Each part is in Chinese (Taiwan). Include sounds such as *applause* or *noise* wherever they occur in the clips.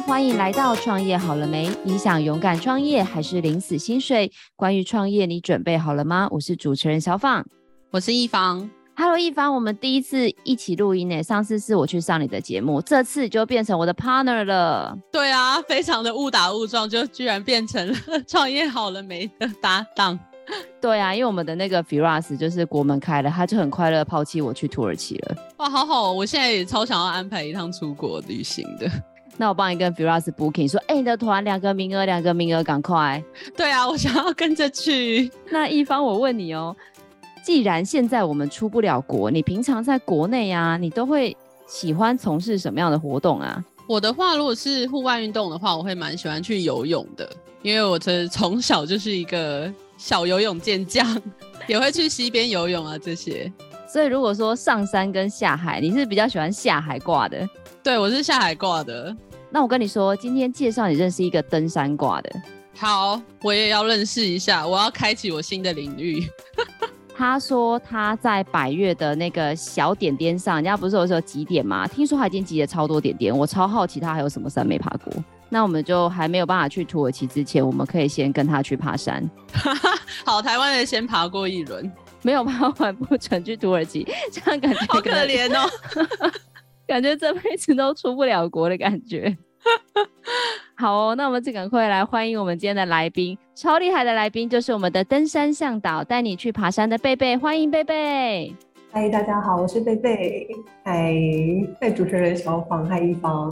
歡迎來到創業好了沒？你想勇敢創業還是領死薪水？關於創業，你準備好了嗎？我是主持人小放，我是一方。Hello，一方，我們第一次一起錄音呢。上次是我去上你的節目，這次就變成我的 partner 了。對啊，非常的誤打誤撞，就居然變成了創 *laughs* 業好了沒的搭檔。對啊，因為我們的那個 Firas 就是國門開了，他就很快樂拋棄我去土耳其了。哇，好好，我現在也超想要安排一趟出國旅行的。那我幫你跟 Viras Booking 說，哎、欸，你的團兩個名額，兩個名額，趕快。對啊，我想要跟着去。那易芳，我問你哦、喔，既然現在我們出不了國，你平常在國內啊，你都會喜歡從事什麼樣的活動啊？我的話，如果是戶外運動的話，我會蠻喜歡去游泳的，因為我從小就是一個小游泳健將，也會去溪邊游泳啊這些。所以如果說上山跟下海，你是比較喜歡下海掛的。對，我是下海掛的。那我跟你說，今天介紹你認識一個登山掛的。好，我也要認識一下，我要開啟我新的領域。 *laughs* 他說他在百岳的那個小點點上，人家不是有時候集點嘛？聽說他已經集了超多點點，我超好奇他還有什麼山沒爬過。那我們就還沒有辦法去土耳其之前，我們可以先跟他去爬山。 *laughs* 好，台灣人先爬過一輪，沒有爬完不成去土耳其， *laughs* 這樣感覺好可憐哦。 *laughs* 感覺這輩子都出不了國的感覺。 *laughs* 好哦，那我們就趕快來歡迎我們今天的來賓，超厲害的來賓就是我們的登山嚮導，帶你去爬山的蓓蓓，歡迎蓓蓓。嗨，大家好，我是蓓蓓。嗨，被主持人小妨害一方。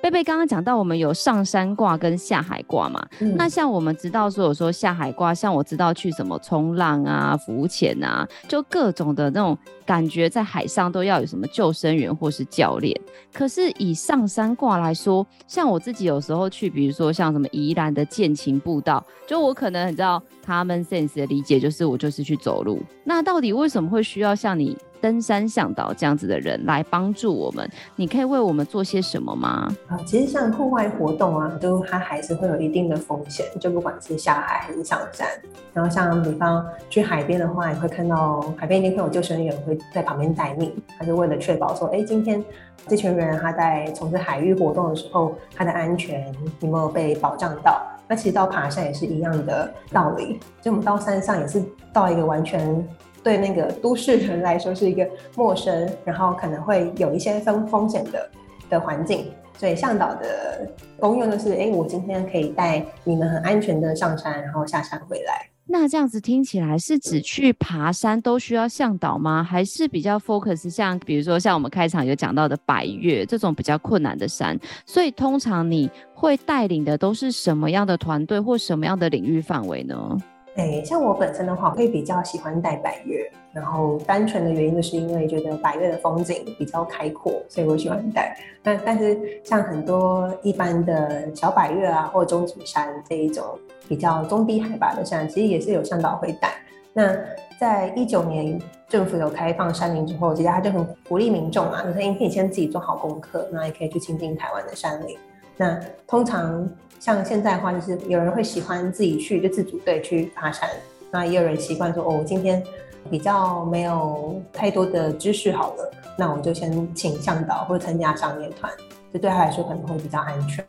蓓蓓剛剛講到我們有上山掛跟下海掛嘛，嗯、那像我們知道說，有說下海掛，像我知道去什麼衝浪啊、浮潛啊，就各種的那種。感覺在海上都要有什麼救生員或是教練，可是以上山掛來說，像我自己有時候去，比如說像什麼宜蘭的見晴步道，就我可能很知道他們 sense 的理解就是我就是去走路。那到底為什麼會需要像你登山嚮導這樣子的人來幫助我們？你可以為我們做些什麼嗎？啊、呃，其實像戶外活動啊，都、就是、它還是會有一定的風險，就不管是下海還是上山。然後像比方去海邊的話，你會看到海邊一定會有救生員會。在旁邊待命，他就為了確保說，哎、欸，今天這群人他在從事海域活動的時候，他的安全有沒有被保障到？那其實到爬山也是一樣的道理，就我們到山上也是到一個完全對那個都市人來說是一個陌生，然後可能會有一些風風險的的環境，所以向導的功用就是，哎、欸，我今天可以帶你們很安全的上山，然後下山回來。那這樣子聽起來是指去爬山都需要嚮導嗎？還是比較 focus 像比如說像我們開場有講到的百岳這種比較困難的山，所以通常你會帶領的都是什麼樣的團隊或什麼樣的領域範圍呢？哎，像我本身的話，我會比較喜歡帶百岳，然後單純的原因就是因為覺得百岳的風景比較開闊，所以我喜歡帶。那但是像很多一般的小百岳啊，或中級山這一種比較中低海拔的山，其實也是有嚮導會帶。那在一九年政府有開放山林之後，其實他就很鼓勵民眾啊，說你可以先自己做好功課，然後也可以去親近台灣的山林。那通常，像現在的話，就是有人會喜歡自己去，就自組隊去爬山；那也有人習慣說，哦，今天比較沒有太多的知識，好了，那我就先請向導或者參加商業團，這對他來說可能會比較安全。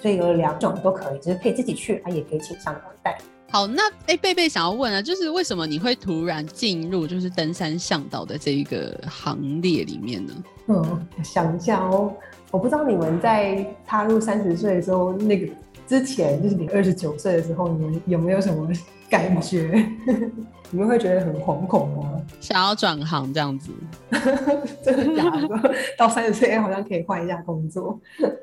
所以有兩種都可以，就是可以自己去，他也可以請向導帶。好，那哎，貝貝想要問啊，就是為什麼你會突然進入就是登山向導的這一個行列裡面呢？嗯，想一下哦，我不知道你們在踏入三十歲的時候那個，之前就是你二十九歲的時候，你有沒有什麼感覺？ *laughs* 你們會覺得很惶恐嗎？想要轉行這樣子？ *laughs* 真的假的？ *laughs* 到三十歲哎，好像可以換一下工作。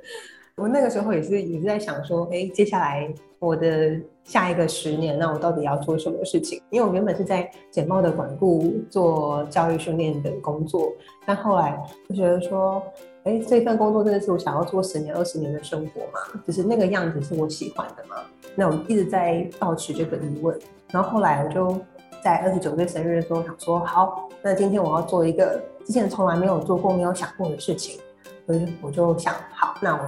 *laughs* 我那個時候也是也是在想說，哎、欸，接下來我的下一個十年，那我到底要做什麼事情？因為我原本是在簡報的管顧做教育訓練的工作，但後來就覺得說。哎，這份工作真的是我想要做十年、二十年的生活嗎？就是那個樣子是我喜歡的嘛？那我一直在抱持這個疑問。然後後來我就在二十九歲生日的時候想說，好，那今天我要做一個之前從來沒有做過、沒有想過的事情。所以我就想，好，那我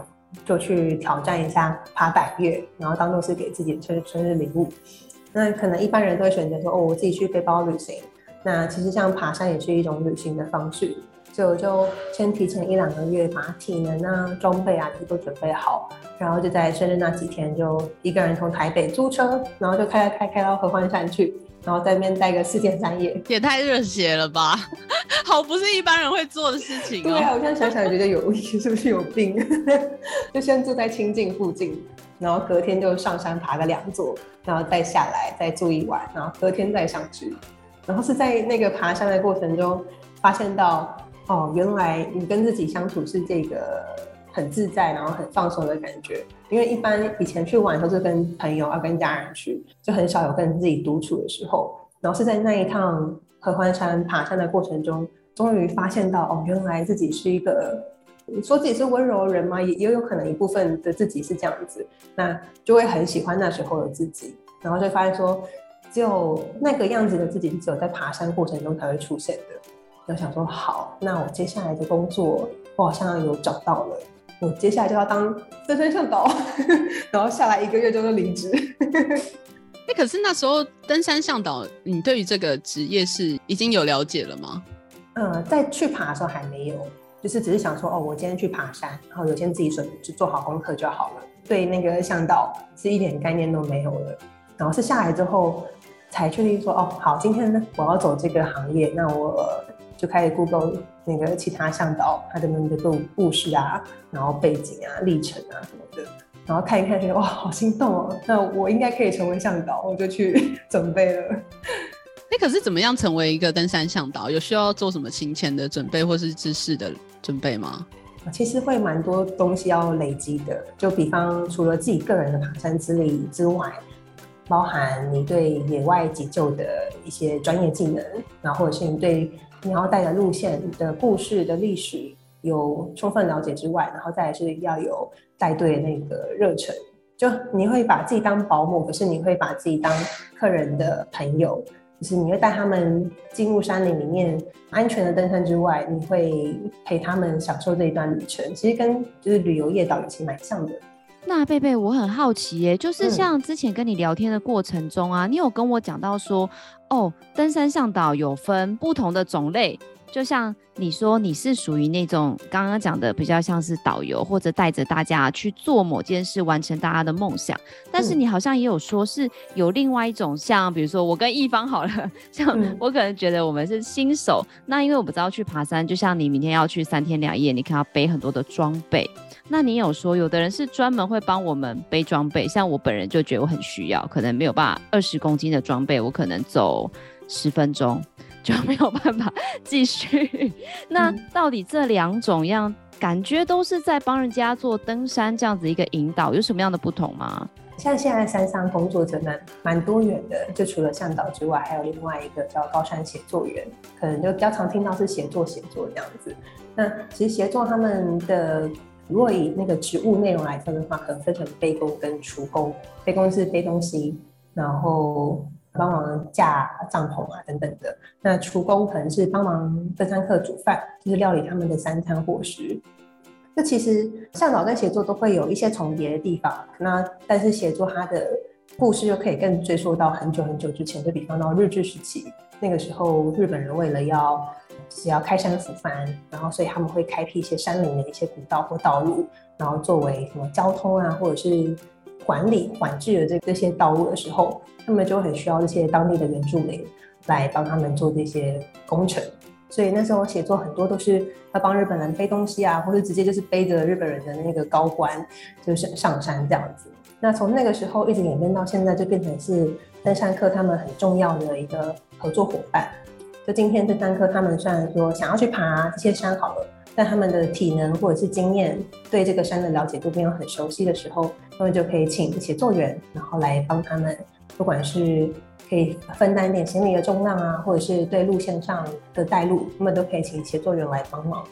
就去挑戰一下爬百岳，然後當做是給自己生生日禮物。那可能一般人都會選擇說，哦，我自己去背包旅行。那其實像爬山也是一種旅行的方式。就我就先提前一兩個月把體能啊、裝備啊都都準備好，然後就在生日那幾天就一個人從台北租車，然後就開開開到合歡山去，然後在那邊待個四天三夜，也太熱血了吧！ *laughs* 好，不是一般人會做的事情，哦，對啊！我現在想想也覺得有意思， *laughs* 是不是有病？ *laughs* 就先住在清境附近，然後隔天就上山爬個兩座，然後再下來再住一晚，然後隔天再上去，然後是在那個爬山的過程中發現到。哦，原來你跟自己相處是這個很自在，然後很放鬆的感覺。因為一般以前去玩都是跟朋友啊、跟家人去，就很少有跟自己獨處的時候。然後是在那一趟合歡山爬山的過程中，終於發現到哦，原來自己是一個說自己是溫柔人嘛，也也有可能一部分的自己是這樣子。那就會很喜歡那時候的自己，然後就發現說，只有那個樣子的自己，只有在爬山過程中才會出現的。就想說好，那我接下來的工作我好像有找到了，我接下來就要當登山嚮導，然後下來一個月就能離職。那、欸、可是那時候登山嚮導，你對於這個職業是已經有了解了嗎？嗯、呃，在去爬的時候還沒有，就是只是想說哦，我今天去爬山，然後有先自己準備就做好功課就好了。對那個嚮導是一點概念都沒有了，然後是下來之後才確定說哦，好，今天呢我要走這個行業，那我。呃就開始 google 那個其他向導他們的各種故事啊，然後背景啊、歷程啊什麼的，然後看一看，覺得哇，好心動哦！那我應該可以成為向導，我就去 *laughs* 準備了。那、欸、可是怎麼樣成為一個登山向導？有需要做什麼行前的準備或是知識的準備嗎？其實會蠻多東西要累積的。就比方，除了自己個人的爬山資歷之外，包含你對野外急救的一些專業技能，然後或是你對你要帶的路線，你的故事的歷史有充分了解之外，然後再是要有帶隊那個熱忱，就你會把自己當保姆，可是你會把自己當客人的朋友，就是你會帶他們進入山林裡面安全的登山之外，你會陪他們享受這一段旅程，其實跟就是旅遊業導遊其實蠻像的。那貝貝，我很好奇耶，就是像之前跟你聊天的過程中啊，嗯、你有跟我講到說，哦，登山向導有分不同的種類。就像你說，你是屬於那種剛剛講的比較像是導遊，或者帶着大家去做某件事，完成大家的夢想。但是你好像也有說是有另外一種，像比如說我跟一方好了，像我可能覺得我們是新手。嗯、那因為我不知道去爬山，就像你明天要去三天兩夜，你可能要背很多的裝備。那你有說有的人是專門會幫我們背裝備？像我本人就覺得我很需要，可能沒有辦法二十公斤的裝備，我可能走十分鐘，就沒有辦法繼續。那到底這兩種樣、嗯、感覺都是在幫人家做登山這樣子一個引導，有什麼樣的不同嗎？像現在山上工作真的蠻多元的，就除了嚮導之外，還有另外一個叫高山協作員，可能就比較常聽到是協作協作這樣子。那其實協作他們的如果以那個職務內容來說的話，可能分成背工跟廚工。背工是背東西，然後。幫忙架帳篷啊，等等的。那廚工可能是幫忙登山客煮飯，就是料理他們的三餐伙食。這其實向導跟協作都會有一些重疊的地方。那但是協作他的故事就可以更追溯到很久很久之前，就比方到日治時期，那個時候日本人為了要只要開山撫番，然後所以他們會開闢一些山林的一些古道或道路，然後作為什麼交通啊，或者是。管理、管制的這這些道路的時候，他們就很需要一些當地的原住民來幫他們做這些工程。所以那時候，協作很多都是要幫日本人背東西啊，或者直接就是背着日本人的那個高官，就是上山這樣子。那從那個時候一直演變到現在，就變成是登山客他們很重要的一個合作夥伴。就今天登山客他們雖然說想要去爬這些山好了，但他們的體能或者是經驗對這個山的了解都沒有很熟悉的時候。他們就可以請協作員，然後來幫他們，不管是可以分擔一點行李的重量啊，或者是對路線上的帶路，他們都可以請協作員來幫忙。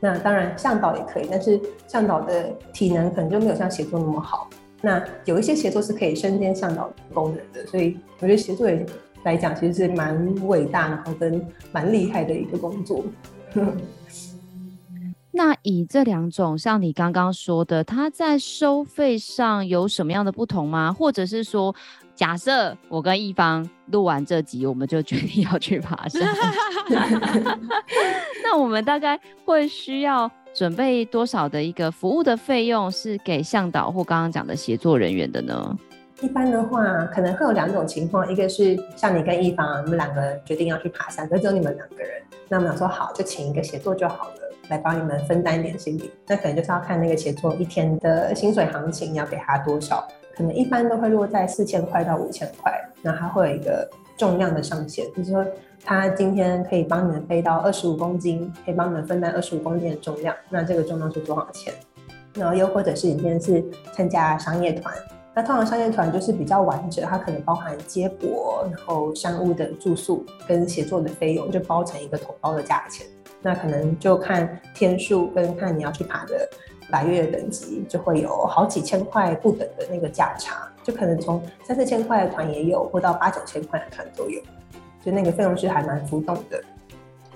那當然嚮導也可以，但是嚮導的體能可能就沒有像協作那麼好。那有一些協作是可以身兼嚮導功能的，所以我覺得協作員來講其實是蠻偉大，然後跟蠻厲害的一個工作。呵呵那以這兩種，像你剛剛說的，它在收費上有什麼樣的不同嗎？或者是說，假設我跟一方錄完這集，我們就決定要去爬山， *laughs* *laughs* 那我們大概會需要準備多少的一個服務的費用，是給嚮導或剛剛講的協作人員的呢？一般的話，可能會有兩種情況，一個是像你跟一方，你們兩個決定要去爬山，就是只有你們兩個人，那我們說好就請一個協作就好了。來幫你們分擔一點行李，那可能就是要看那個協作一天的薪水行情，要給他多少，可能一般都會落在四千塊到五千塊。那他會有一個重量的上限，就是說他今天可以幫你們背到二十五公斤，可以幫你們分擔二十五公斤的重量，那這個重量是多少錢？然後又或者是你今天是參加商業團，那通常商業團就是比較完整，它可能包含接駁，然後商務的住宿跟協作的費用，就包成一個統包的價錢。那可能就看天數跟看你要去爬的百岳的等級，就會有好幾千塊不等的那個價差，就可能從三四千塊的團也有，或到八九千塊的團都有，所以那個費用是還蠻浮動的。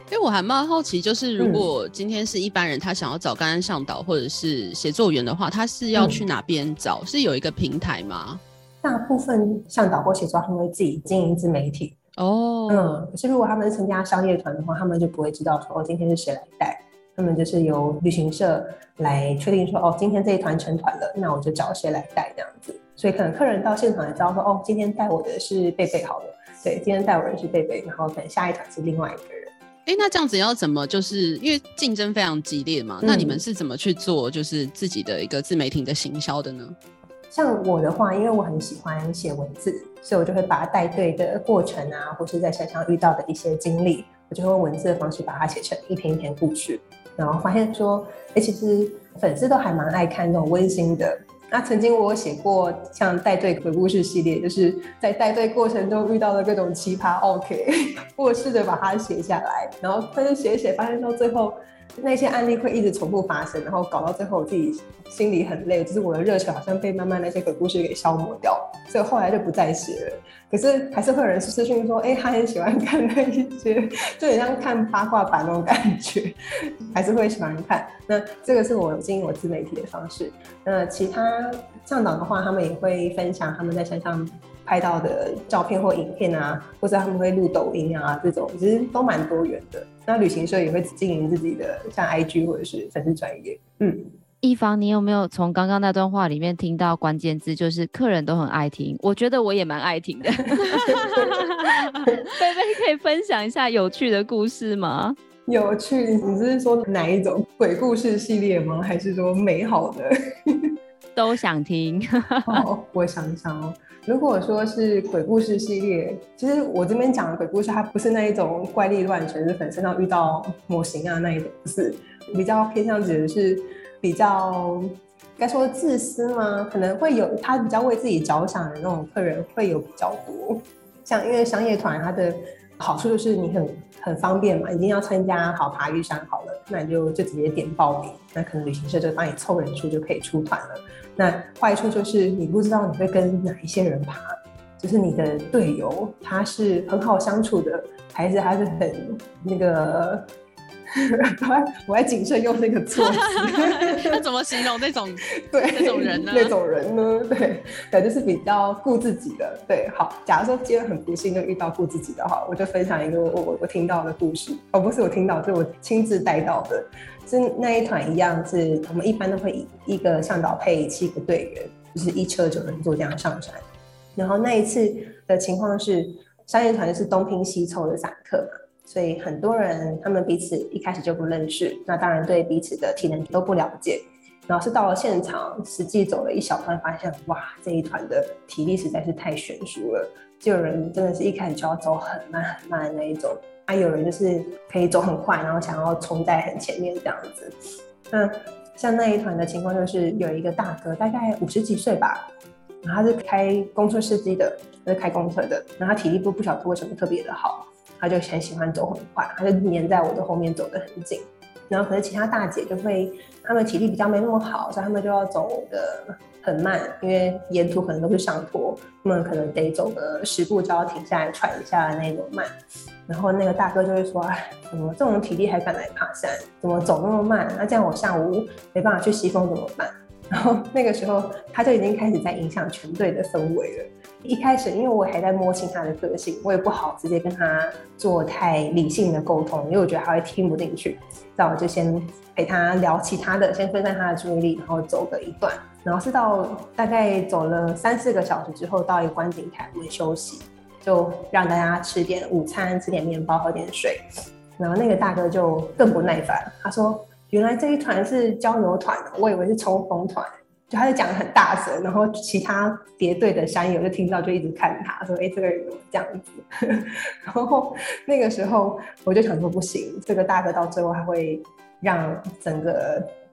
哎、欸，我還蠻好奇，就是如果今天是一般人，他想要找剛剛嚮導或者是協作員的話，他是要去哪邊找？嗯、是有一個平台嗎？大部分嚮導或協作他們會自己經營自媒體。哦，oh. 嗯，可是如果他們是參加商業團的話，他們就不會知道說哦今天是誰來帶，他們就是由旅行社來確定說哦今天這一團成團了，那我就找誰來帶這樣子，所以可能客人到現場也知道說哦今天帶我的是貝貝好了，是對，今天帶我的是貝貝，然後等下一團是另外一個人。誒、欸，那這樣子要怎麼就是因為競爭非常激烈嘛，嗯、那你們是怎麼去做就是自己的一個自媒體的行銷的呢？像我的話，因為我很喜歡寫文字，所以我就會把帶隊的過程啊，或是在山上遇到的一些經歷，我就會用文字的方式把它寫成一篇一篇故事。然後發現說，而、欸、其實粉絲都還蠻愛看那種溫馨的。那曾經我有寫過像帶隊鬼故事系列，就是在帶隊過程中遇到的各種奇葩。OK，我試着把它寫下來，然後但是寫寫發現到最後。那些案例會一直重複發生，然後搞到最後我自己心裡很累，就是我的熱情好像被慢慢那些鬼故事給消磨掉，所以後來就不再寫了。可是還是會有人私信說，哎、欸，他很喜歡看那一些，就很像看八卦版那種感覺，還是會喜歡看。那這個是我經營我自媒體的方式。那其他嚮導的話，他們也會分享他們在山上拍到的照片或影片啊，或者他們會錄抖音啊，這種其實都蠻多元的。那旅行社也會經營自己的，像 IG 或者是粉絲專頁，嗯，一芳，你有沒有從剛剛那段話裡面聽到關鍵字？就是客人都很愛聽，我覺得我也蠻愛聽的。蓓蓓， *laughs* *laughs* 貝貝可以分享一下有趣的故事嗎？有趣，你是說哪一種鬼故事系列嗎？還是說美好的 *laughs* 都想聽？哦 *laughs* ，oh, 我想一想哦。如果說是鬼故事系列，其實我這邊講的鬼故事，它不是那一種怪力亂神，是本身要遇到模型啊那一種，不是，比較偏向於是比較該說自私嗎？可能會有他比較為自己着想的那種客人會有比較多。像因為商業團，它的好處就是你很很方便嘛，已經要參加好爬玉山好了，那你就就直接點報名，那可能旅行社就幫你湊人數就可以出團了。那壞處就是你不知道你會跟哪一些人爬，就是你的隊友，他是很好相處的，還是他是很那個。 *laughs* 我還我還謹慎用那個錯字，那怎麼形容那種 *laughs* 對那種人呢？那種人呢？對，感覺、就是比較顧自己的。對，好，假如說今天很不幸的遇到顧自己的話，我就分享一個我我我聽到的故事。哦，不是我聽到，是我親自帶到的。是那一團一樣是，是我們一般都會以一個向導配七個隊員，就是一車九人坐這樣上山。然後那一次的情況是，商業團是東拼西湊的散客嘛。所以很多人他們彼此一開始就不認識，那當然對彼此的體能都不了解。然後是到了現場，實際走了一小段，發現哇，這一團的體力實在是太懸殊了。就有人真的是一開始就要走很慢很慢的那一種，啊，有人就是可以走很快，然後想要衝在很前面這樣子。那像那一團的情況就是有一個大哥，大概五十幾歲吧，然後他是開公車司機的，他是開公車的，然後他體力不不曉得為什麼特別的好。他就很喜歡走很快，他就黏在我的後面走得很緊。然後，可能其他大姐就會，她們體力比較沒那麼好，所以她們就要走得很慢，因為沿途可能都是上坡，他們可能得走個十步就要停下來喘一下那種慢。然後那個大哥就會說：“哎、嗯，怎麼這種體力還敢來爬山？怎麼走那麼慢？那這樣我下午沒辦法去西峰怎麼辦？”然後那個時候，他就已經開始在影響全隊的氛圍了。一開始，因為我還在摸清他的個性，我也不好直接跟他做太理性的溝通，因為我覺得他會聽不進去。那我就先陪他聊其他的，先分散他的注意力，然後走個一段。然後是到大概走了三四個小時之後，到一個觀景台，我們休息，就讓大家吃點午餐，吃點麵包，喝點水。然後那個大哥就更不耐煩，他說。原來這一團是交流團，我以為是衝鋒團，就他就講得很大聲，然後其他別隊的山友就聽到就一直看他，說：“哎，這個人怎麼這樣子？”然後那個時候我就想說，不行，這個大哥到最後還會讓整個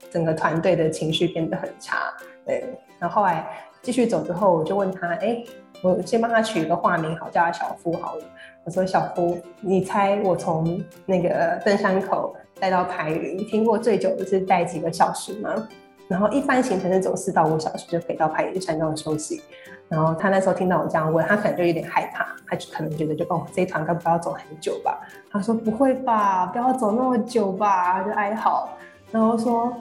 整個團隊的情緒變得很差，對。然後後來、哎、繼續走之後，我就問他：“哎，我先幫他取一個化名，好，叫他小夫好了。”我說：“小夫，你猜我從那個登山口？”帶到排雲，聽過最久的是帶幾個小時嗎？然後一般行程是走四到五小時就可以到排雲山莊休息。然後他那時候聽到我這樣問，他可能就有點害怕，他就可能覺得就哦，這一團該不要走很久吧？他說不會吧，不要走那麼久吧，就哀嚎。然後說，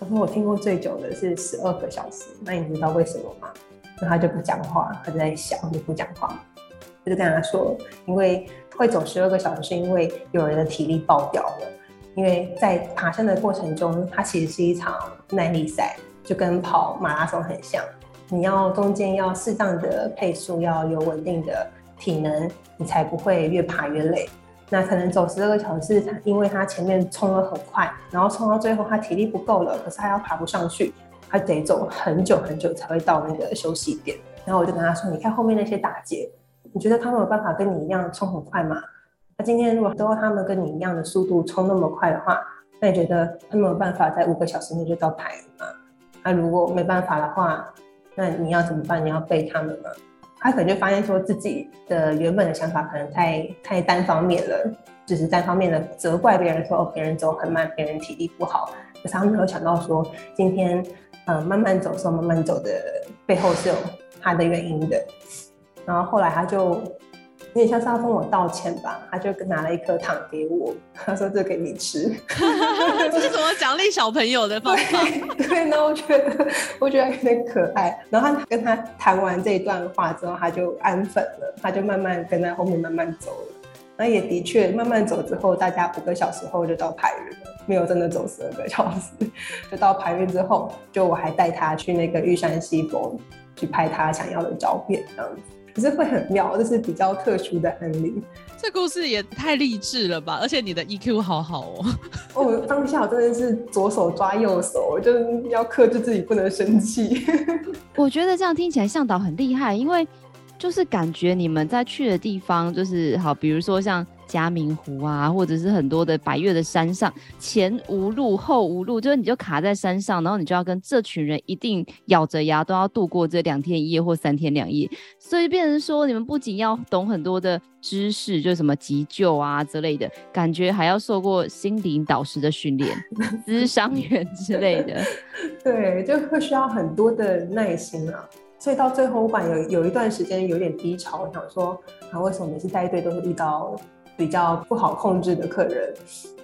他說我聽過最久的是十二個小時，那你知道為什麼嗎？那他就不講話，他就在想，他就不講話。我就是、跟他說，因為會走十二個小時是因為有人的體力爆掉了。因為在爬山的過程中，它其實是一場耐力賽，就跟跑馬拉松很像。你要中間要適當的配速，要有穩定的體能，你才不會越爬越累。那可能走十二個小時，因為他前面衝得很快，然後衝到最後他體力不夠了，可是他要爬不上去，他得走很久很久才會到那個休息點。然後我就跟他說：“你看後面那些大姐，你覺得他們有辦法跟你一樣衝很快嗎？”那今天如果都他們跟你一樣的速度衝那麼快的話，那你覺得他們沒有辦法在五個小時內就到台了嗎？那、啊、如果沒辦法的話，那你要怎麼辦？你要背他們嗎？他可能就發現說自己的原本的想法可能太太單方面了，只、就是單方面的責怪別人說別、哦、人走很慢，別人體力不好，可是他沒有想到說今天嗯、呃、慢慢走的時候，說慢慢走的背後是有他的原因的。然後後來他就。也像是要跟我道歉吧，他就拿了一顆糖給我，他說：“這給你吃。 *laughs* ” *laughs* 這是什麼獎勵小朋友的方法？對，那我覺得我覺得有點可愛。然後他跟他談完這一段話之後，他就安分了，他就慢慢跟在後面慢慢走了。那也的確，慢慢走之後，大家五個小時後就到排雲了，沒有真的走十二個小時。就到排雲之後，就我還帶他去那個玉山西峰去拍他想要的照片，這樣子。可是會很妙，這是比較特殊的案例。這故事也太勵志了吧！而且你的 EQ 好好哦。哦，我當下真的是左手抓右手， *laughs* 就是要克制自己不能生氣。 *laughs* 我覺得這樣聽起來向導很厲害，因為就是感覺你們在去的地方就是好，比如說像。嘉明湖啊，或者是很多的百岳的山上，前無路後無路，就是你就卡在山上，然後你就要跟這群人一定咬着牙都要度過這兩天一夜或三天兩夜，所以變成說你們不僅要懂很多的知識，就是什麼急救啊之類的，感覺還要受過心靈導師的訓練、諮 *laughs* 商員之類的，對，就會需要很多的耐心啊。所以到最後，我感覺有有一段時間有點低潮，我想說啊，為什麼每次帶隊都會遇到？比較不好控制的客人，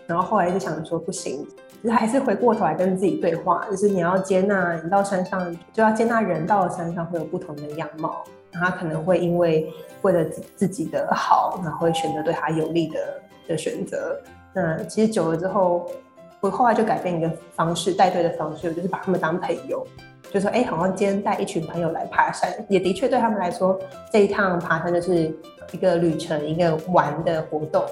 然後後來就想說不行，其實還是回過頭來跟自己對話，就是你要接納，你到山上就要接納人到了山上會有不同的樣貌，然後他可能會因為為了自己的好，然後會選擇對他有利的的選擇。那其實久了之後，我後來就改變一個方式，帶隊的方式，就是把他們當朋友。就是說哎，好像今天帶一群朋友來爬山，也的確對他們來說，這一趟爬山就是一個旅程，一個玩的活動。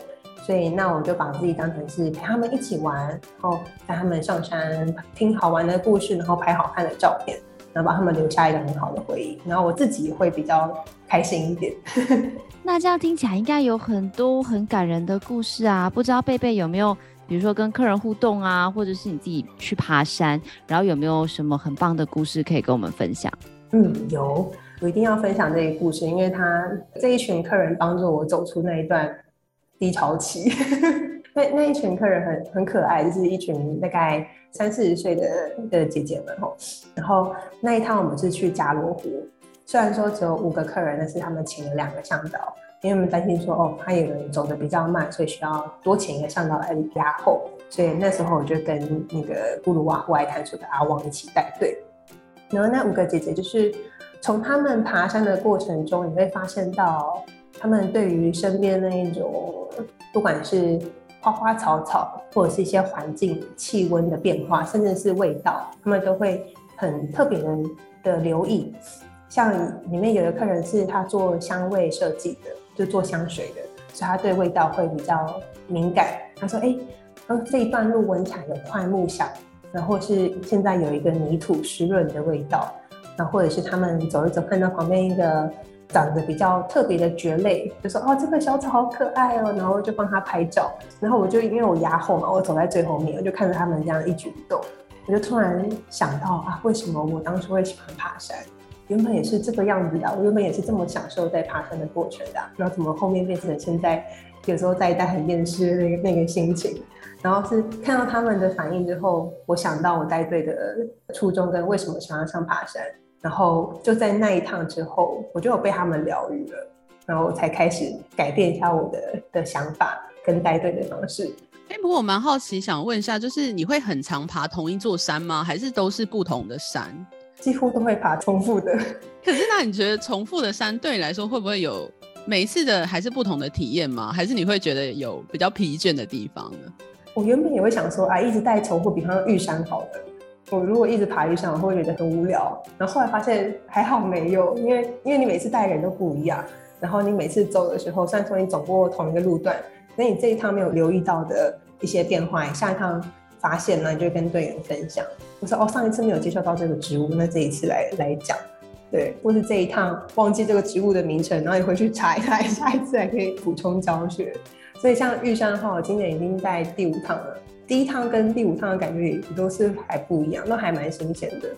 所以那我就把自己當成是陪他們一起玩，然後帶他們上山，聽好玩的故事，然後拍好看的照片，然後把他們留下一個很好的回憶。然後我自己會比較開心一點。那這樣聽起來應該有很多很感人的故事啊，不知道蓓蓓有沒有？比如說跟客人互動啊，或者是你自己去爬山，然後有沒有什麼很棒的故事可以跟我們分享？嗯，有，我一定要分享這個故事，因為他這一群客人幫助我走出那一段低潮期。呵呵，那那一群客人很很可愛，就是一群大概三四十歲的的姐姐們吼。然後那一趟我們是去加羅湖，雖然說只有五個客人，但是他們請了兩個嚮導。因為我們擔心說，哦，他有人走得比較慢，所以需要多請一個嚮導來壓後。所以那時候我就跟那個布魯瓦戶外探索的阿旺一起帶隊。然後那五個姐姐就是從他們爬山的過程中，你會發現到他們對於身邊那一種，不管是花花草草，或者是一些環境、氣溫的變化，甚至是味道，他們都會很特別的留意。像裡面有的客人是他做香味設計的。就做香水的，所以他對味道會比較敏感。他說：“哎、欸，他說這一段路聞起來有檜木香，然後是現在有一個泥土濕潤的味道，然後或者是他們走一走看到旁邊一個長得比較特別的蕨類，就說：‘哦，這個小草好可愛哦。’然後就幫他拍照。然後我就因為我押後嘛，我走在最後面，我就看着他們這樣一舉一動，我就突然想到啊，為什麼我當初會喜歡爬山？”原本也是這個樣子的，啊，我原本也是這麼享受在爬山的過程的，啊，不知道怎麼後面變成現在，有時候在帶很厭世的那個那個心情。然後是看到他們的反應之後，我想到我帶隊的初衷跟為什麼想要上爬山。然後就在那一趟之後，我就有被他們療癒了，然後我才開始改變一下我的的想法跟帶隊的方式。哎、欸，不過我蠻好奇，想問一下，就是你會很常爬同一座山嗎？還是都是不同的山？幾乎都會爬重複的。可是那你覺得重複的山對你來說會不會有每一次的還是不同的體驗嗎？還是你會覺得有比較疲倦的地方呢？我原本也會想說，啊，一直帶重複，比方說玉山好的。我如果一直爬玉山，我會覺得很無聊。然後後來發現還好沒有，因為因為你每次帶的人都不一樣，然後你每次走的時候，雖然說你走過同一個路段，那你這一趟沒有留意到的一些變化，下一趟。發現呢，你就跟隊員分享。我說哦，上一次沒有介紹到這個植物，那這一次來來講，對，或是這一趟忘記這個植物的名稱，然後你回去查一下，下一次還可以補充教學。所以像玉山的話，我今年已經在第五趟了，第一趟跟第五趟的感覺也都是還不一樣，都還蠻新鮮的，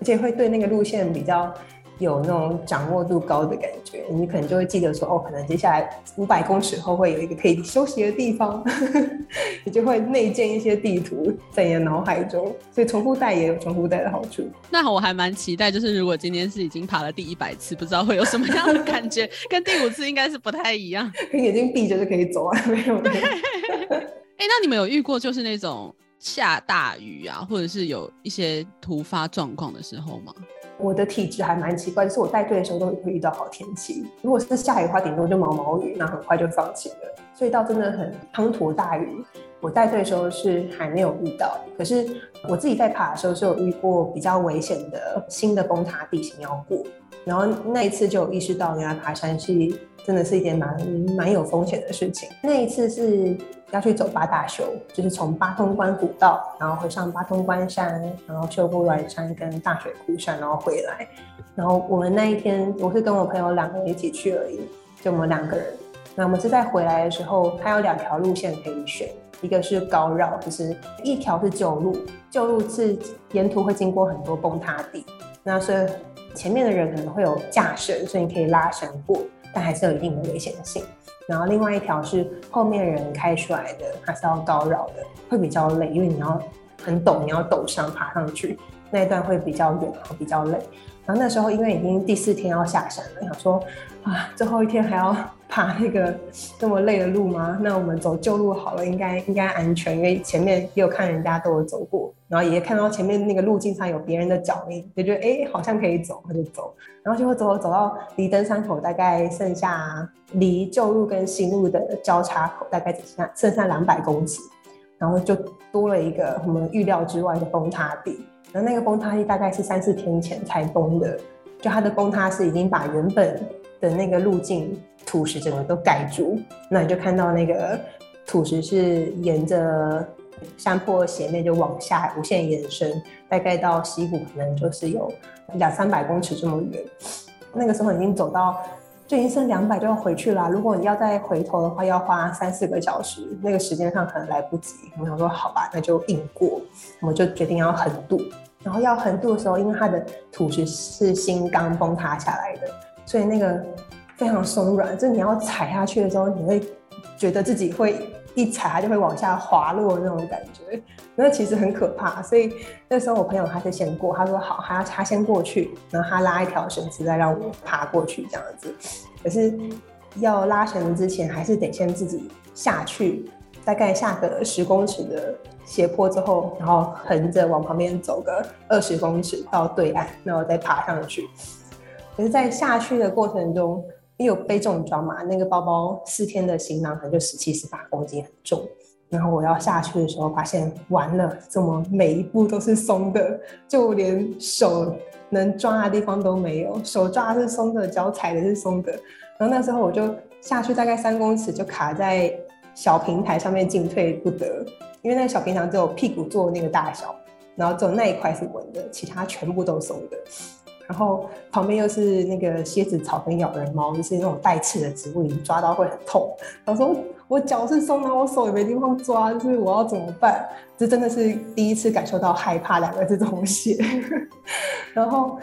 而且會對那個路線比較，有那種掌握度高的感覺，你可能就會記得說，哦，可能接下來五百公尺後會有一個可以休息的地方，呵呵，你就會內建一些地圖在你的腦海中。所以重複帶也有重複帶的好處。那我還蠻期待，就是如果今天是已經爬了第一百次，不知道會有什麼樣的感覺， *laughs* 跟第五次應該是不太一樣。眼睛閉着就可以走啊，沒有。對。哎、 *laughs* 欸，那你們有遇過就是那種下大雨啊，或者是有一些突發狀況的時候嗎？我的體質還蠻奇怪，就是我帶隊的時候都會遇到好天氣。如果是下雨的話，頂多就毛毛雨，那很快就放晴了。所以到真的很滂沱大雨，我帶隊的時候是還沒有遇到。可是我自己在爬的時候是有遇過比較危險的新的崩塌的地形要過，然後那一次就有意識到原來爬山是真的是一件蠻蠻有風險的事情。那一次是。要去走八大秀，就是從八通關古道，然後會上八通關山，然後秀姑巒山跟大水窟山，然後回來。然後我們那一天，我是跟我朋友兩個人一起去而已，就我們兩個人。那我們是在回來的時候，它有兩條路線可以選，一個是高繞，就是一條是舊路，舊路是沿途會經過很多崩塌地，那所以前面的人可能會有架繩，所以你可以拉繩過，但還是有一定的危險性。然後另外一條是後面人開出來的，它是要高繞的，會比較累，因為你要很陡，你要陡上爬上去，那一段會比較遠，然後比較累。然後那時候因為已經第四天要下山了，想說啊，最後一天還要。爬那個這麼累的路嗎？那我們走舊路好了，應該應該安全，因為前面也有看人家都有走過。然後也看到前面那個路徑上有別人的腳印，就覺得哎、欸，好像可以走，他就走。然後結果走走到離登山口大概剩下離舊路跟新路的交叉口，大概只剩剩下兩百公尺，然後就多了一個我們預料之外的崩塌地。然後那個崩塌地大概是三四天前才崩的，就它的崩塌是已經把原本。的那個路徑土石整個都蓋住，那你就看到那個土石是沿着山坡斜面就往下無限延伸，大概到溪谷可能就是有兩三百公尺這麼遠。那個時候已經走到，最近就已經剩兩百就要回去了啊。如果你要再回頭的話，要花三四個小時，那個時間上可能來不及。我想說，好吧，那就硬過，我們就決定要橫渡。然後要橫渡的時候，因為它的土石是新剛崩塌下來的。所以那個非常鬆軟，就是你要踩下去的時候，你會覺得自己會一踩它就會往下滑落的那種感覺，那其實很可怕。所以那時候我朋友他是先過，他說好，他要他先過去，然後他拉一條繩子再讓我爬過去這樣子。可是要拉繩子之前，還是得先自己下去，大概下個十公尺的斜坡之後，然後橫着往旁邊走個二十公尺到對岸，然後再爬上去。可是，在下去的過程中，因為我背重裝嘛，那個包包四天的行囊，可能就十七、十八公斤，很重。然後我要下去的時候，發現完了，怎麼每一步都是鬆的，就連手能抓的地方都沒有，手抓的是鬆的，腳踩的是鬆的。然後那時候我就下去大概三公尺，就卡在小平台上面，進退不得，因為那個小平台只有屁股坐的那個大小，然後只有那一塊是穩的，其他全部都鬆的。然後旁邊又是那個蠍子草跟咬人貓，就是那種帶刺的植物，你抓到會很痛。我想說：“我腳是鬆了，我手也沒地方抓，就是我要怎麼辦？”這真的是第一次感受到害怕兩個字這種東西。 *laughs* 然後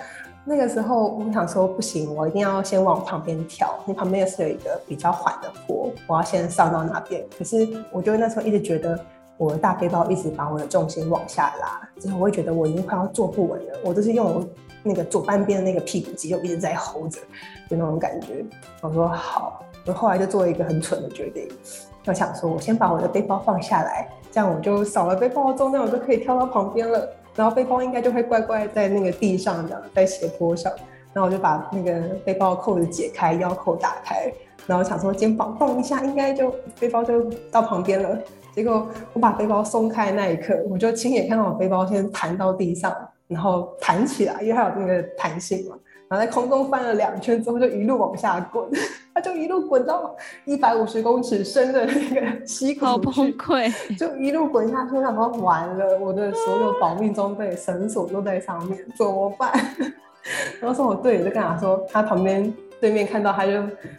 那個時候，我想說不行，我一定要先往旁邊跳，那旁邊也是有一個比較緩的坡，我要先上到那邊。可是我就那時候一直覺得我的大背包一直把我的重心往下拉，之後我會覺得我已經快要坐不穩了，我都是用。那個左半邊的那個屁股肌就一直在吼着，就那種感覺。我說好，我後,後來就做了一個很蠢的決定，我想說我先把我的背包放下來，這樣我就少了背包的重量，我就可以跳到旁邊了。然後背包應該就會乖乖在那個地上，這樣在斜坡上。然後我就把那個背包扣子解開，腰扣打開，然後我想說肩膀動一下，應該就背包就到旁邊了。結果我把背包鬆開那一刻，我就親眼看到我背包先彈到地上。然後彈起來，因為它有那個彈性嘛，然後在空中翻了兩圈之後就一路往下滾，它就一路滾到一百五十公尺深的那個溪谷去，好崩潰，就一路滾下去，然後完了，我的所有的保命裝備、啊、繩索都在上面，怎麼辦？然後說我隊友就跟他說他旁邊。對面看到他就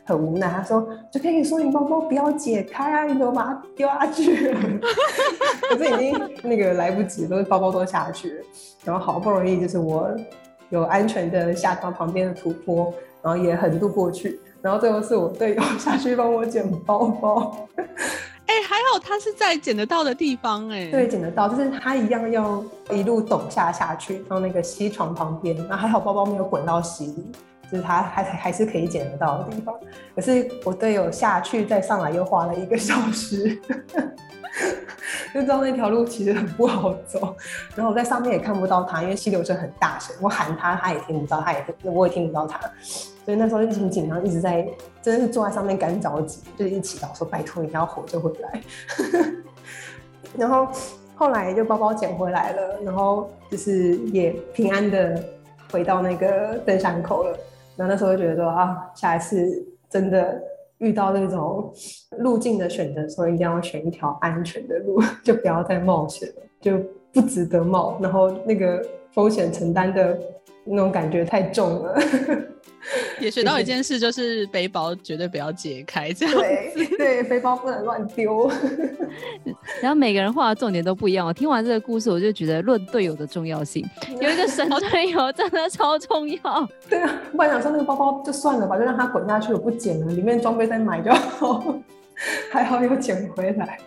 很無奈，他說：“就可以說你包包不要解開啊，你都把它丟下去！” *laughs* 可是已經那個來不及了，都包包都下去了，然後好不容易就是我有安全的下到旁邊的土坡，然後也橫渡過去，然後最後是我隊友下去幫我撿包包。哎、欸，還好他是在撿得到的地方哎、欸。對，撿得到，就是他一樣要一路抖下下去到那個溪床旁邊，那還好包包沒有滾到溪就是他還還是可以撿得到的地方，可是我隊友下去再上來又花了一個小時，就知道那條路其實很不好走。然後我在上面也看不到他，因為溪流聲很大聲，我喊他他也聽不到，他也我也聽不到他，所以那時候就挺緊張，一直在真的是坐在上面乾着急，就是一起找，說拜託你要活着回來。然後後來就包包撿回來了，然後就是也平安的回到那個登山口了。然後那時候就覺得說啊，下一次真的遇到那種路徑的選擇的時候，一定要選一條安全的路，就不要再冒險了，就不值得冒。然後那個風險承擔的。那種感覺太重了， *laughs* 也學到一件事，就是背包絕對不要解開，這樣對，對，背包不能亂丟。 *laughs* 然後每個人畫的重點都不一樣。我聽完這個故事，我就覺得論隊友的重要性，有一個神隊友真的超重要。 *laughs* 對啊，我本來想說那個包包就算了吧，就讓他滾下去，我不撿了，裡面裝備再買就好。還好又撿回來。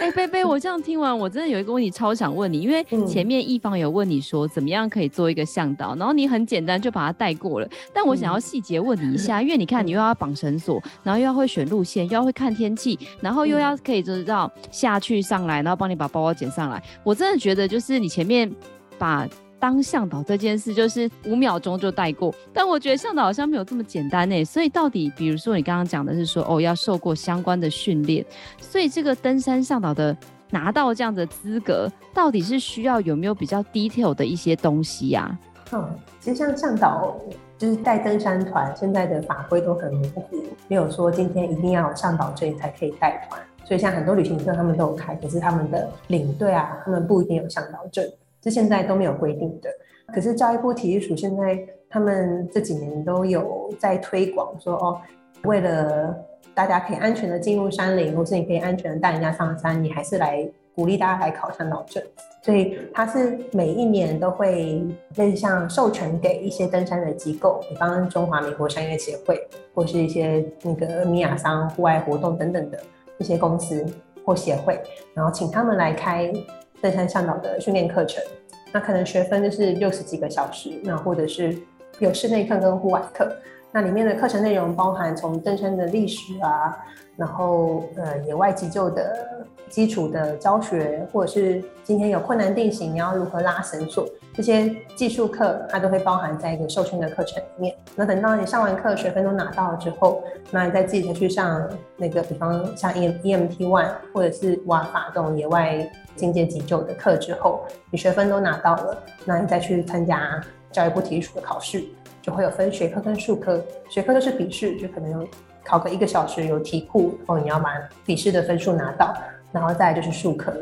哎，貝貝、 *laughs* 欸，我這樣聽完，我真的有一個問題超想問你，因為前面一方有問你說怎麼樣可以做一個嚮導，然後你很簡單就把它帶過了，但我想要細節問你一下，嗯、因為你看你又要綁繩索，嗯、然後又要會選路線，又要會看天氣，然後又要可以就是到下去上來，然後幫你把包包撿上來，我真的覺得就是你前面把。當嚮導這件事就是五秒鐘就帶過，但我覺得嚮導好像沒有這麼簡單呢。所以到底，比如說你剛剛講的是說哦，要受過相關的訓練，所以這個登山嚮導的拿到這樣的資格，到底是需要有沒有比較 detail 的一些東西呀？啊？嗯，其實像嚮導就是帶登山團，現在的法規都很模糊，沒有說今天一定要有嚮導證才可以帶團，所以像很多旅行社他們都有開，可是他們的領隊啊，他們不一定有嚮導證。是現在都沒有規定的，可是教育部體育署現在他們這幾年都有在推廣，說哦，為了大家可以安全的進入山林，或是你可以安全的帶人家上山，你還是來鼓勵大家來考山導證。所以他是每一年都會面向授權給一些登山的機構，比方中華民國山岳協會，或是一些那個米亞桑戶外活動等等的一些公司或協會，然後請他們來開。登山嚮導的訓練課程，那可能學分就是六十幾個小時，那或者是有室內課跟戶外課。那裡面的課程內容包含從登山的歷史啊，然後呃野外急救的基礎的教學，或者是今天有困難地形，你要如何拉繩索。這些技術課，它都會包含在一個授訓的課程裡面。那等到你上完課，學分都拿到了之後，那你再自己再去上那個，比方像 E EMT One 或者是瓦法這種野外進階急救的課之後，你學分都拿到了，那你再去參加教育部體育署的考試，就會有分學科跟術科。學科就是筆試，就可能有考個一個小時，有題庫，然後你要把筆試的分數拿到，然後再來就是術科。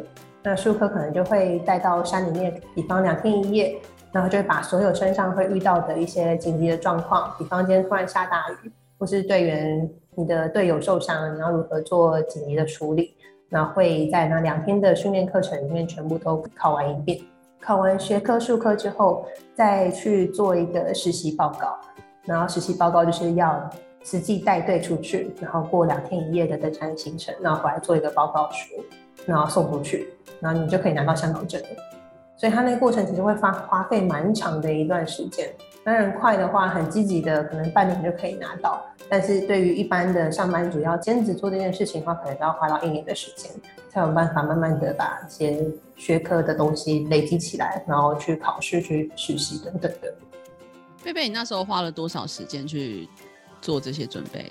那術科可能就會帶到山裡面，比方兩天一夜，然後就會把所有身上會遇到的一些緊急的狀況，比方今天突然下大雨，或是隊員你的隊友受傷，你要如何做緊急的處理？那會在那兩天的訓練課程裡面全部都考完一遍，考完學科術科之後，再去做一個實習報告。然後實習報告就是要實際帶隊出去，然後過兩天一夜的登山行程，然後回來做一個報告書，然後送出去。然後你就可以拿到嚮導證了，所以它那個過程其實會花花費蠻長的一段時間。當然快的話，很積極的，可能半年就可以拿到。但是對於一般的上班族要兼職做這件事情的話，可能都要花到一年的時間，才有辦法慢慢的把一些學科的東西累積起來，然後去考試、去學習等等的。貝貝，你那時候花了多少時間去做這些準備？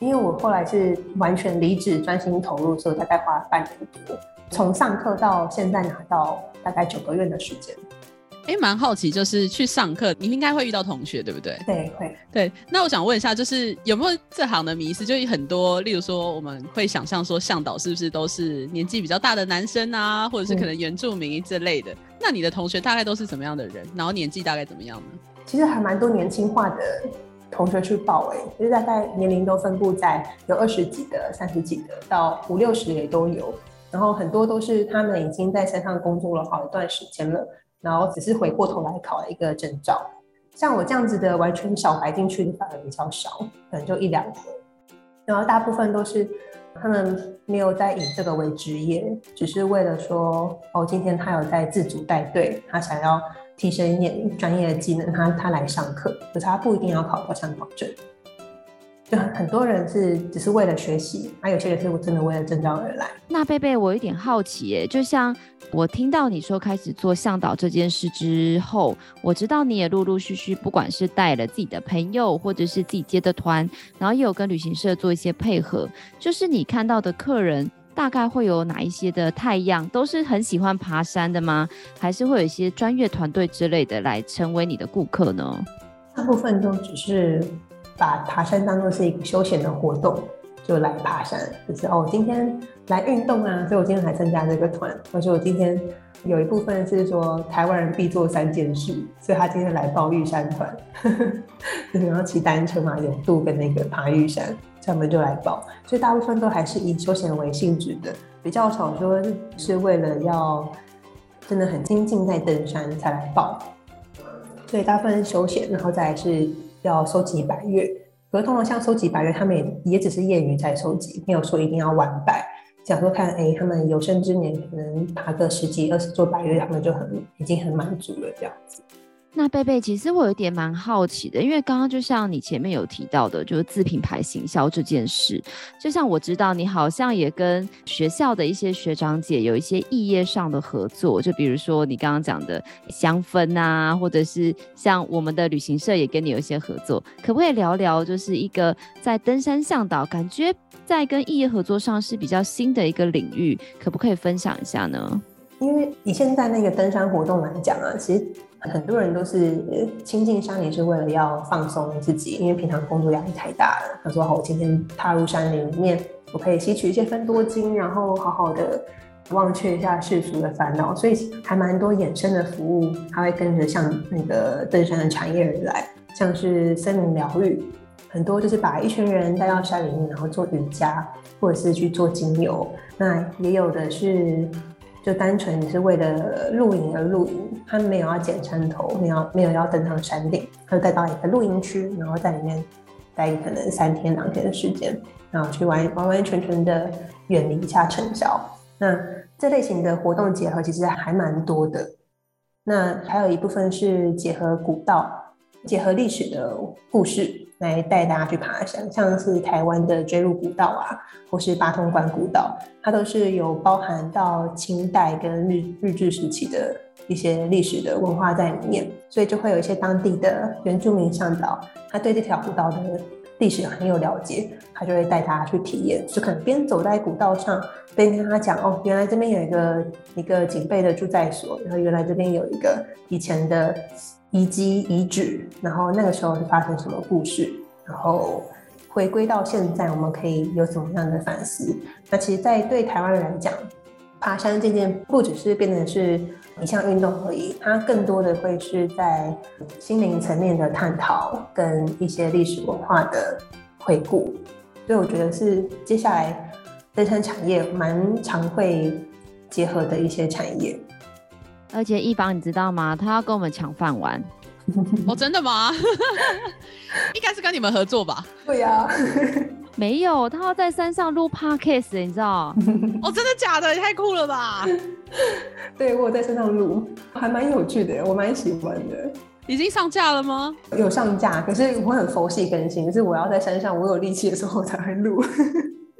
因為我後來是完全離職專心投入，所以大概花了半年多。從上課到現在拿到大概九個月的時間，哎、欸，蠻好奇，就是去上課，你應該會遇到同學，對不對？對，會。對，那我想問一下，就是有沒有這行的迷思？就有很多，例如說，我們會想象說，嚮導是不是都是年紀比較大的男生啊，或者是可能原住民之類的？嗯、那你的同學大概都是什麼樣的人？然後年紀大概怎麼樣呢？其實還蠻多年輕化的同學去報、欸，哎，就是大概年齡都分布在有二十幾的、三十幾的，到五六十也都有。然後很多都是他們已經在山上工作了好一段時間了，然後只是回過頭來考一個證照。像我這樣子的完全小白進去，的反而比較少，可能就一兩個。然後大部分都是他們沒有在以這個為職業，只是為了說哦，今天他有在自主帶隊，他想要提升一點專業的技能，他他來上課，可是他不一定要考高山證。就很多人是只是為了學習，那有些人是會真的為了證照而來。那貝貝，我有點好奇耶、欸，就像我聽到你說開始做向導這件事之後，我知道你也陸陸續續，不管是帶了自己的朋友，或者是自己接的團，然後也有跟旅行社做一些配合。就是你看到的客人，大概會有哪一些的態樣，都是很喜歡爬山的嗎？還是會有一些專業團隊之類的來成為你的顧客呢？大部分都只是。把爬山當做是一個休閒的活動，就來爬山就是哦，今天來運動啊，所以我今天還參加這個團。我說我今天有一部分是說台灣人必做三件事，所以他今天來報玉山團， *laughs* 然後騎單車嘛、啊，泳渡跟那個爬玉山，所以他們就來報。所以大部分都還是以休閒為性質的，比較少說是為了要真的很精進在登山才來報。所以大部分是休閒，然後再來是要收集百岳，可是通常像收集百岳，他們也也只是業餘在收集，沒有說一定要完百。想說看，哎、欸，他們有生之年可能爬個十幾、二十座百岳，他們就很已經很滿足了，這樣子。那貝貝，其實我有點蠻好奇的，因為剛剛就像你前面有提到的，就是自品牌行銷這件事。就像我知道你好像也跟學校的一些學長姐有一些異業上的合作，就比如說你剛剛講的香氛啊，或者是像我們的旅行社也跟你有一些合作，可不可以聊聊？就是一個在登山嚮導，感覺在跟異業合作上是比較新的一個領域，可不可以分享一下呢？因為你現在那個登山活動來講啊，其實。很多人都是親近山林是為了要放鬆自己，因為平常工作壓力太大了。他說：“好，我今天踏入山林裡面，我可以吸取一些芬多精，然後好好的忘卻一下世俗的煩惱。”所以還蠻多衍生的服務，還會跟着像那個登山的產業而來，像是森林療癒，很多就是把一群人帶到山裡面，然後做瑜伽，或者是去做精油。那也有的是。就單純你是為了露營而露營，他沒有要撿山頭，沒有沒有要登上山頂，他就帶到一個露營區，然後在裡面待可能三天兩天的時間，然後去完完完全全的遠離一下城郊。那這類型的活動結合其實還蠻多的。那還有一部分是結合古道。結合歷史的故事來帶大家去爬山，像是台灣的追鹿古道啊，或是八通關古道，它都是有包含到清代跟日日治時期的一些歷史的文化在裡面，所以就會有一些當地的原住民向導，他對這條古道的歷史很有了解，他就會帶大家去體驗，就可能邊走在古道上，邊跟他講哦，原來這邊有一個一個警備的駐在所，然後原來這邊有一個以前的。遺跡遺址，然後那個時候是發生什麼故事？然後回歸到現在，我們可以有什麼樣的反思？那其實，在對台灣人來講，爬山這件不只是變成是一項運動而已，它更多的會是在心靈層面的探討，跟一些歷史文化的回顧。所以，我覺得是接下來登山產業蠻常會結合的一些產業。而且一房你知道嗎？他要跟我們搶飯碗。哦，真的嗎？ *laughs* 應該是跟你們合作吧？對呀、啊。 *laughs* 沒有，他要在山上錄 podcast，你知道？ *laughs* 哦，真的假的？也太酷了吧！對，我有在山上錄，還蠻有趣的耶，我蠻喜歡的。已經上架了嗎？有上架，可是我很佛系更新，可是我要在山上我有力氣的時候才會錄。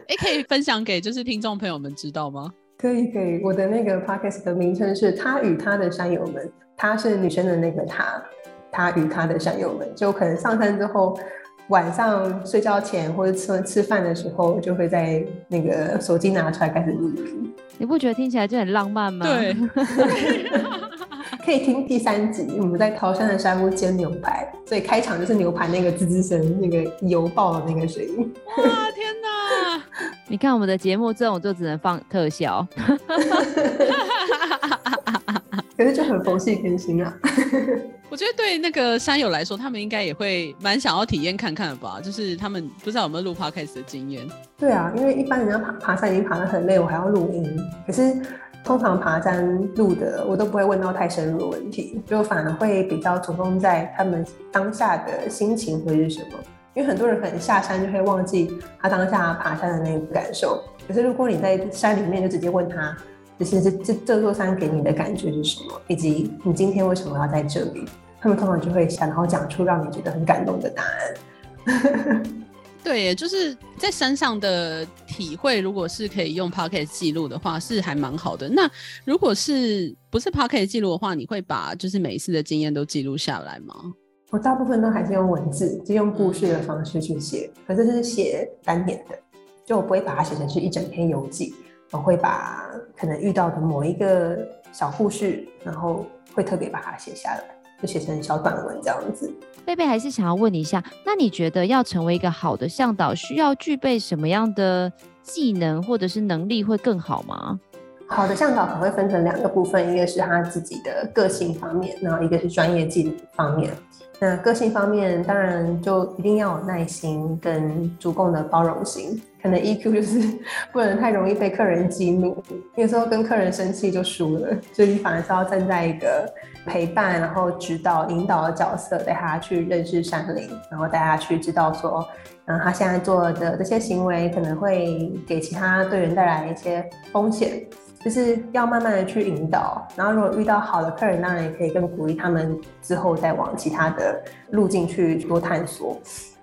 哎、 *laughs* 欸，可以分享給就是聽眾朋友們知道嗎？可以可以，我的那個 podcast 的名稱是《她與她的山友們》，她是女生的那個她，她與她的山友們，就可能上山之後，晚上睡覺前或者吃完吃飯的時候，就會在那個手機拿出來開始錄。你不覺得聽起來就很浪漫嗎？對。 *laughs* 可以聽第三集，我們在桃山的山屋煎牛排，所以開場就是牛排那個吱吱聲，那個油爆的那個聲音。哇，天哪！ *laughs* 你看我們的節目這種就只能放特效，可是就很佛系天心啊。 *laughs* 我覺得對那個山友來說，他們應該也會蠻想要體驗看看的吧？就是他們不知道有沒有錄 podcast 的經驗。對啊，因為一般人要爬爬山已經爬得很累，我還要錄音，可是。通常爬山路的，我都不會問到太深入的問題，就反而會比較着重在他們當下的心情會是什麼。因為很多人可能下山就會忘記他當下爬山的那個感受，可是如果你在山裡面就直接問他，就是這這這座山給你的感覺是什麼，以及你今天為什麼要在這裡，他們通常就會想好講出讓你覺得很感動的答案。 *laughs* 對，就是在山上的體會，如果是可以用 pocket 記錄的話，是還蠻好的。那如果是不是 pocket 記錄的話，你會把就是每一次的經驗都記錄下來嗎？我大部分都還是用文字，就用故事的方式去寫，可是這是寫單點的，就我不會把它寫成是一整篇遊記，我會把可能遇到的某一個小故事，然後會特別把它寫下來。就寫成小短文這樣子。貝貝還是想要問你一下，那你覺得要成為一個好的嚮導，需要具備什麼樣的技能或者是能力會更好嗎？好的嚮導可能會分成兩個部分，一個是他自己的個性方面，然後一個是專業技能方面。那個性方面，當然就一定要有耐心跟足夠的包容心，可能 EQ 就是不能太容易被客人激怒，有時候跟客人生氣就輸了，所以你反而是要站在一個。陪伴，然後指導、引導的角色，帶他去認識山林，然後帶他去知道說，嗯，他現在做的這些行為可能會給其他隊員帶來一些風險，就是要慢慢的去引導。然後，如果遇到好的客人，當然也可以更鼓勵他們之後再往其他的路徑去多探索。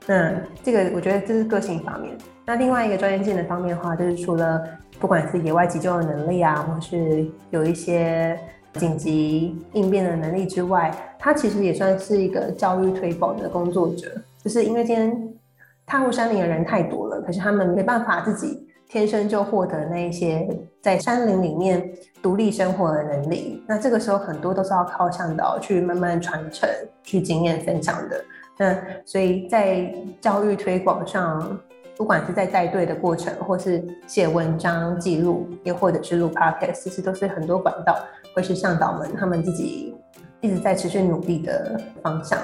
那這個我覺得這是個性方面。那另外一個專業技能方面的話，就是除了不管是野外急救的能力啊，或是有一些緊急應變的能力之外，他其實也算是一個教育推廣的工作者。就是因為今天踏入山林的人太多了，可是他們沒辦法自己天生就獲得那些在山林裡面獨立生活的能力。那這個時候，很多都是要靠向導去慢慢傳承、去經驗分享的。那所以在教育推廣上，不管是在帶隊的過程，或是寫文章記錄，又或者是錄 podcast，其實都是很多管道，或是向導們他們自己一直在持續努力的方向。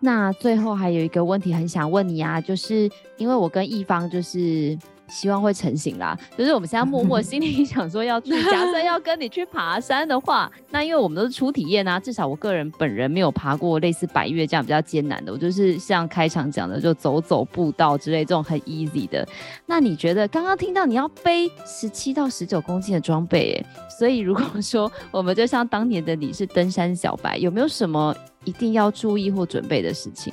那最後還有一個問題很想問你啊，就是因為我跟一方就是，希望會成型啦，就是我們現在默默心裡想說要去， *laughs* 假設要跟你去爬山的話，那因為我們都是初體驗啊，至少我個人本人沒有爬過類似百岳這樣比較艱難的，我就是像開場講的就走走步道之類這種很 easy 的。那你覺得剛剛聽到你要背十七到十九公斤的裝備，哎，所以如果說我們就像當年的你是登山小白，有沒有什麼一定要注意或準備的事情？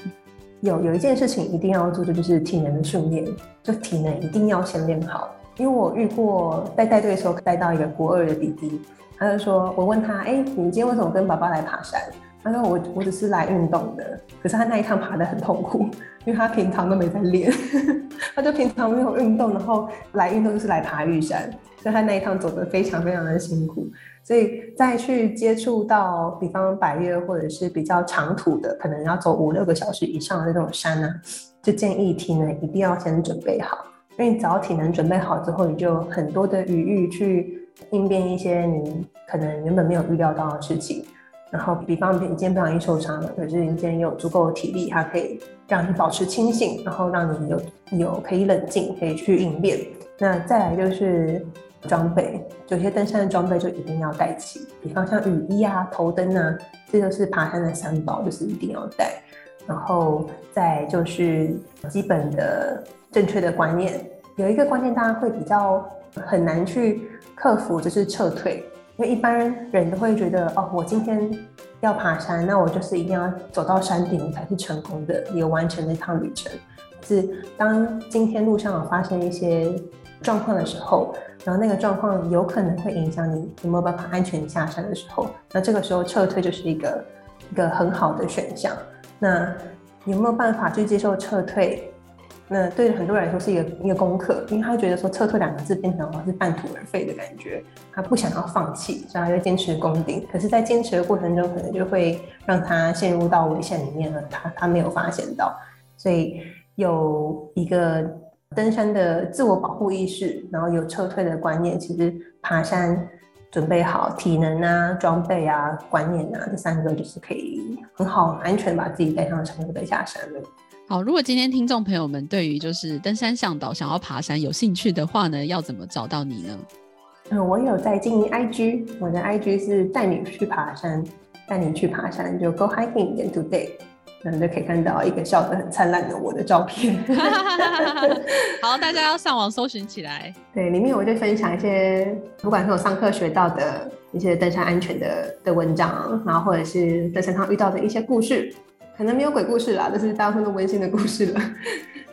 有，有一件事情一定要做的，就是體能的訓練，就體能一定要先練好。因為我遇過在帶隊的時候帶到一個國二的弟弟，他就說，我問他，哎，你今天為什麼跟爸爸來爬山？他說，我我只是來運動的，可是他那一趟爬得很痛苦，因為他平常都沒在練呵呵，他就平常沒有運動，然後來運動就是來爬玉山，所以他那一趟走得非常非常的辛苦。所以再去接觸到比方百岳或者是比較長途的，可能要走五六個小時以上的那種山呢，啊，就建議體能一定要先準備好，因為早體能準備好之後，你就有很多的餘裕去應變一些你可能原本沒有預料到的事情。然後，比方你今天不小心受傷了，可、就是你今天有足夠的體力，它可以讓你保持清醒，然後讓你有你有可以冷靜，可以去應變。那再來就是裝備，有些登山的裝備就一定要帶齊，比方像雨衣啊、頭燈啊，這就、個、是爬山的三寶，就是一定要帶。然後再就是基本的正確的觀念，有一個觀念大家會比較很難去克服，就是撤退。因為一般人都會覺得，哦，我今天要爬山，那我就是一定要走到山頂才是成功的，有完成這趟旅程。就是當今天路上有發生一些狀況的時候，然後那個狀況有可能會影響你有沒有辦法安全下山的時候，那這個時候撤退就是一個一個很好的選項。那有沒有辦法去接受撤退？那對很多人來說是一個一個功課，因為他覺得說撤退兩個字變成好像是半途而廢的感覺，他不想要放棄，所以他要堅持攻頂。可是，在堅持的過程中，可能就會讓他陷入到危險裡面了。他他沒有發現到，所以有一個登山的自我保護意識，然後有撤退的觀念，其實爬山準備好體能啊、裝備啊、觀念啊，這三個就是可以很好安全把自己帶上山，又帶下山了。好，如果今天聽眾朋友們對於就是登山嚮導想要爬山有興趣的話呢，要怎麼找到你呢？嗯，我有在經營 IG，我的 IG 是帶你去爬山，帶你去爬山就 Go Hiking Today，那你就可以看到一個笑得很燦爛的我的照片。 *laughs* *laughs* 好，大家要上網搜尋起來。對，裡面我就分享一些，不管是我上課學到的一些登山安全的的文章，然後或者是在山上遇到的一些故事。可能沒有鬼故事啦，這是大部分都溫馨的故事了。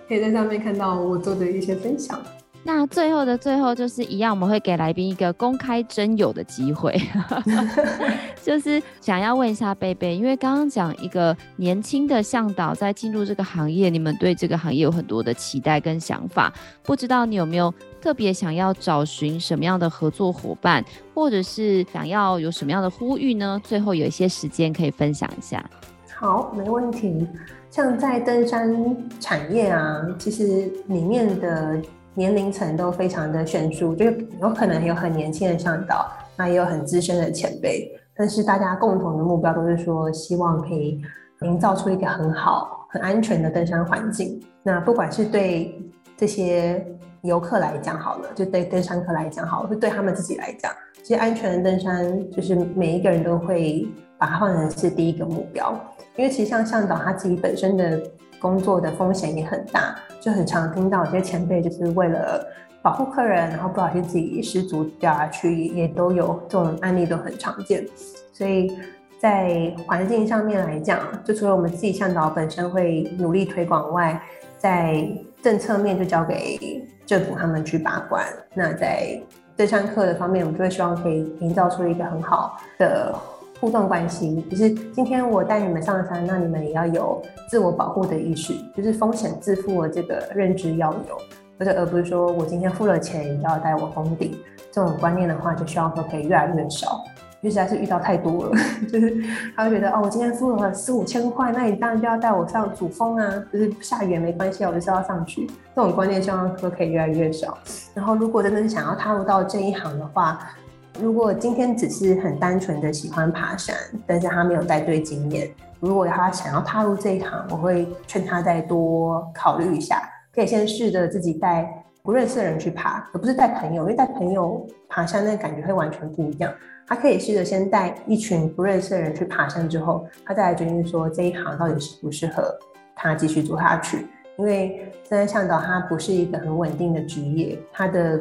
可以在上面看到我做的一些分享。那最後的最後就是一樣，我們會給來賓一個公開徵友的機會。 *laughs* 就是想要問一下蓓蓓，因為剛剛講一個年輕的嚮導在進入這個行業，你們對這個行業有很多的期待跟想法。不知道你有沒有特別想要找尋什麼樣的合作夥伴，或者是想要有什麼樣的呼籲呢？最後有一些時間可以分享一下。好，沒問題。像在登山產業啊，其實裡面的年齡層都非常的懸殊，就是有可能有很年輕的嚮導，那也有很資深的前輩。但是大家共同的目標都是說，希望可以營造出一個很好、很安全的登山環境。那不管是對這些遊客來講好了，就對登山客來講好了，就對他們自己來講，其實安全的登山就是每一個人都會。把它換成是第一個目標，因為其實像向導他自己本身的工作的風險也很大。就很常聽到有些前輩就是為了保護客人，然後不小心自己失足掉下去，也都有這種案例，都很常見。所以在環境上面來講，就除了我們自己向導本身會努力推廣外，在政策面就交給政府他們去把關。那在這項課的方面，我們就會希望可以營造出一個很好的。互動關係，就是今天我帶你們上山，那你們也要有自我保護的意識，就是風險自負的這個認知要有，而且而不是說我今天付了錢，你就要帶我登頂。這種觀念的話，就希望說可以越來越少，因為實在是遇到太多了，就是他會覺得哦，我今天付了四五千塊，那你當然就要帶我上主峰啊，就是下雨也沒關係，我就是要上去，這種觀念希望說可以越來越少。然後如果真的是想要踏入到這一行的話，如果今天只是很單純的喜歡爬山，但是他沒有帶隊經驗。如果他想要踏入這一行，我會勸他再多考慮一下，可以先試着自己帶不認識的人去爬，而不是帶朋友，因為帶朋友爬山那感覺會完全不一樣。他可以試着先帶一群不認識的人去爬山，之後他再來決定說這一行到底適不適合他繼續做下去。因為現在向導他不是一個很穩定的職業，他的。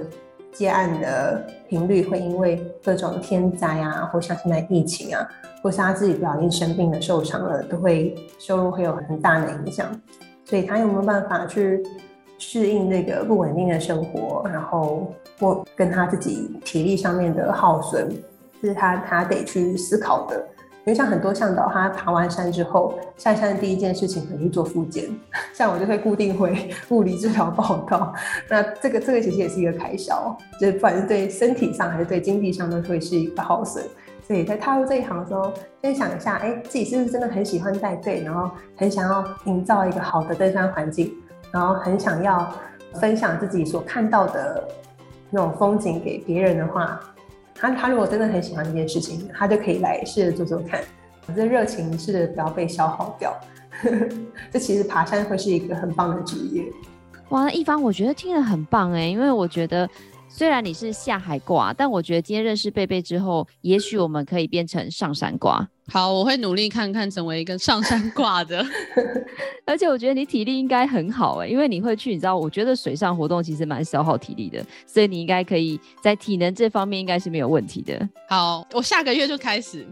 接案的頻率會因為各種天災啊，或像現在疫情啊，或是他自己不小心生病了、受傷了，都會收入會有很大的影響。所以，他有沒有辦法去適應那個不穩定的生活，然後或跟他自己體力上面的耗損，就是他他得去思考的。因為像很多嚮導，他爬完山之後，下山的第一件事情可能去做復健，像我就會固定回物理治療報告。那這個這個其實也是一個開銷，就是不管是對身體上還是對經濟上都會是一個耗損。所以在踏入這一行的時候，先想一下，哎、欸，自己是不是真的很喜歡帶隊，然後很想要營造一個好的登山環境，然後很想要分享自己所看到的那種風景給別人的話。他他如果真的很喜歡這件事情，他就可以來試着做做看，這熱情是不要被消耗掉。 *laughs* 這其實爬山會是一個很棒的職業。哇，那一方我覺得聽得很棒哎、欸，因為我覺得。雖然你是下海掛，但我覺得今天認識貝貝之後，也許我們可以變成上山掛。好，我會努力看看成為一個上山掛的。 *laughs* 而且我覺得你體力應該很好哎、欸，因為你會去，你知道，我覺得水上活動其實蠻消耗體力的，所以你應該可以在體能這方面應該是沒有問題的。好，我下個月就開始。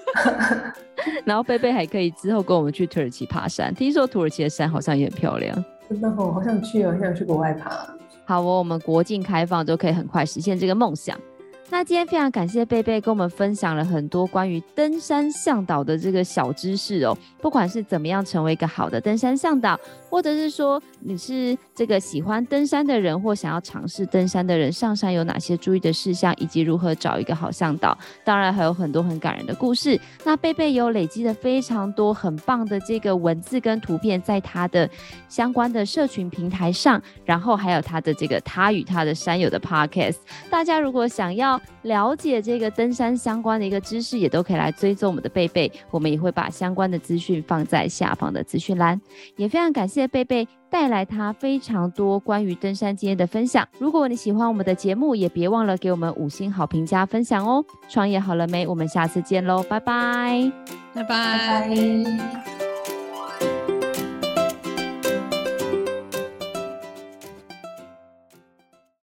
*laughs* *laughs* 然後貝貝還可以之後跟我們去土耳其爬山，聽說土耳其的山好像也很漂亮。真的哦，好想去哦，很想去國外爬。好哦，我們國境開放就可以很快實現這個夢想。那今天非常感謝蓓蓓跟我們分享了很多關於登山嚮導的這個小知識哦，不管是怎麼樣成為一個好的登山嚮導，或者是說你是這個喜歡登山的人或想要嘗試登山的人，上山有哪些注意的事項，以及如何找一個好嚮導，當然還有很多很感人的故事。那蓓蓓有累積的非常多很棒的這個文字跟圖片，在他的相關的社群平台上，然後還有他的這個他與他的山友的 podcast，大家如果想要。了解這個登山相關的一個知識，也都可以來追蹤我們的蓓蓓，我們也會把相關的資訊放在下方的資訊欄。也非常感謝蓓蓓帶來她非常多關於登山經驗的分享。如果你喜歡我們的節目，也別忘了給我們五星好評加分享哦。創業好了沒？我們下次見嘍，拜拜，拜拜。拜拜